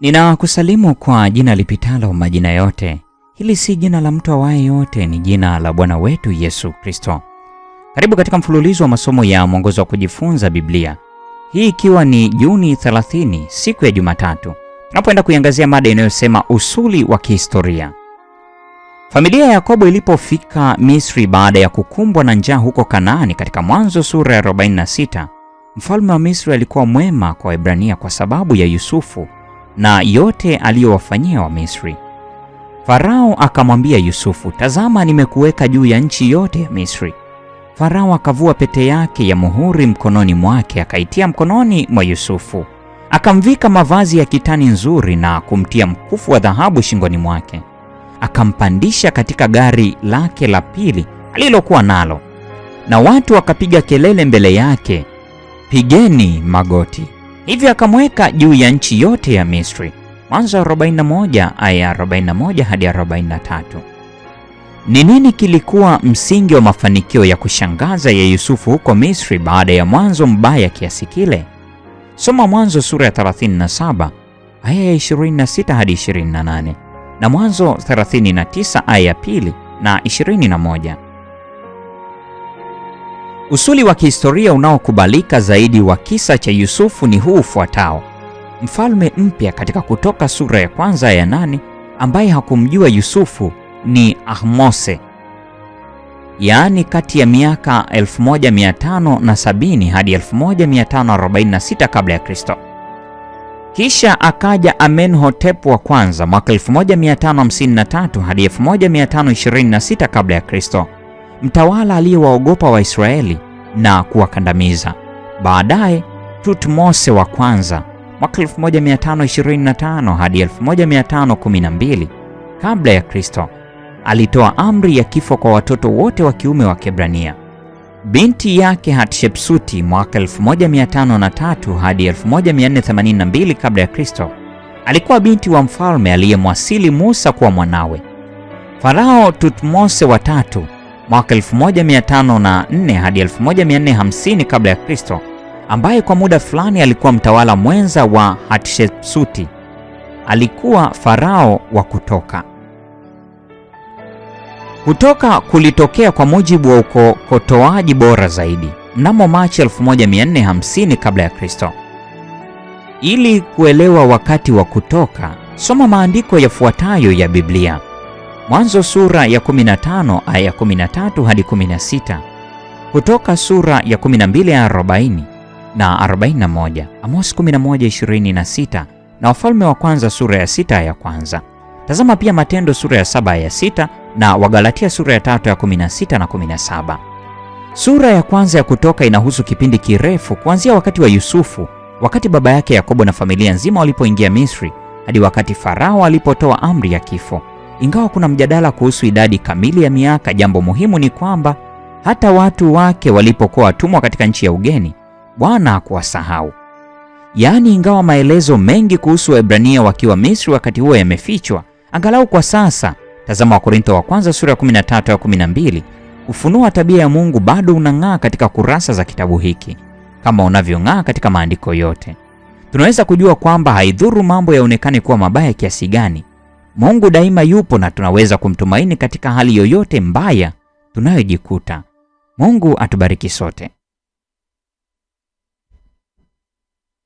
Ninawakusalimu kwa jina lipitalo majina yote. Hili si jina la mtu awaye yote, ni jina la Bwana wetu Yesu Kristo. Karibu katika mfululizo wa masomo ya mwongozo wa kujifunza Biblia, hii ikiwa ni Juni 30 siku ya Jumatatu, tunapoenda kuiangazia mada inayosema usuli wa kihistoria. Familia ya Yakobo ilipofika Misri baada ya kukumbwa na njaa huko Kanaani katika Mwanzo sura ya 46, mfalme wa Misri alikuwa mwema kwa Waebrania kwa sababu ya Yusufu na yote aliyowafanyia Wamisri. Farao akamwambia Yusufu, tazama, nimekuweka juu ya nchi yote ya Misri. Farao akavua pete yake ya muhuri mkononi mwake, akaitia mkononi mwa Yusufu, akamvika mavazi ya kitani nzuri na kumtia mkufu wa dhahabu shingoni mwake. Akampandisha katika gari lake la pili alilokuwa nalo, na watu wakapiga kelele mbele yake, pigeni magoti hivyo akamweka juu ya nchi yote ya Misri. Mwanzo 41 aya 41 hadi 43. Ni nini kilikuwa msingi wa mafanikio ya kushangaza ya Yusufu huko Misri baada ya mwanzo mbaya kiasi kile? Soma Mwanzo sura ya 37 aya ya 26 hadi 28 na Mwanzo 39 aya ya pili na 21. Usuli wa kihistoria unaokubalika zaidi wa kisa cha Yusufu ni huu ufuatao. Mfalme mpya katika Kutoka sura ya kwanza ya nane ambaye hakumjua Yusufu ni Ahmose, yaani kati ya miaka 1570 hadi 1546 kabla ya Kristo. Kisha akaja Amenhotep wa kwanza mwaka 1553 hadi 1526 kabla ya Kristo mtawala aliyewaogopa Waisraeli na kuwakandamiza. Baadaye Tutmose wa kwanza mwaka 1525 hadi 1512 kabla ya Kristo alitoa amri ya kifo kwa watoto wote wa kiume wa Kebrania. Binti yake Hatshepsuti mwaka 1503 hadi 1482 kabla ya Kristo alikuwa binti wa mfalme aliyemwasili Musa kuwa mwanawe. Farao Tutmose wa tatu mwaka 1504 hadi 1450 kabla ya Kristo, ambaye kwa muda fulani alikuwa mtawala mwenza wa Hatshepsuti. Alikuwa farao wa Kutoka. Kutoka kulitokea kwa mujibu wa ukokotoaji bora zaidi mnamo Machi 1450 kabla ya Kristo. Ili kuelewa wakati wa Kutoka, soma maandiko yafuatayo ya Biblia. Mwanzo sura ya 15 aya ya 13 hadi 16, Kutoka sura ya 12 ya 40 na 41, Amosi 11:26 na Wafalme wa Kwanza sura ya 6 ya kwanza. Tazama pia Matendo sura ya 7 ya 6 na Wagalatia sura ya 3 ya 16 na 17. Sura ya kwanza ya Kutoka inahusu kipindi kirefu kuanzia wakati wa Yusufu, wakati baba yake Yakobo na familia nzima walipoingia Misri hadi wakati Farao alipotoa amri ya kifo. Ingawa kuna mjadala kuhusu idadi kamili ya miaka, jambo muhimu ni kwamba hata watu wake walipokuwa watumwa katika nchi ya ugeni, Bwana hakuwasahau. Yaani, ingawa maelezo mengi kuhusu Waebrania wakiwa Misri wakati huo yamefichwa, angalau kwa sasa, tazama Wakorintho wa kwanza sura ya 13 ya 12, ufunuo wa tabia ya Mungu bado unang'aa katika kurasa za kitabu hiki kama unavyong'aa katika maandiko yote. Tunaweza kujua kwamba haidhuru mambo yaonekane kuwa mabaya kiasi gani, Mungu daima yupo na tunaweza kumtumaini katika hali yoyote mbaya tunayojikuta. Mungu atubariki sote.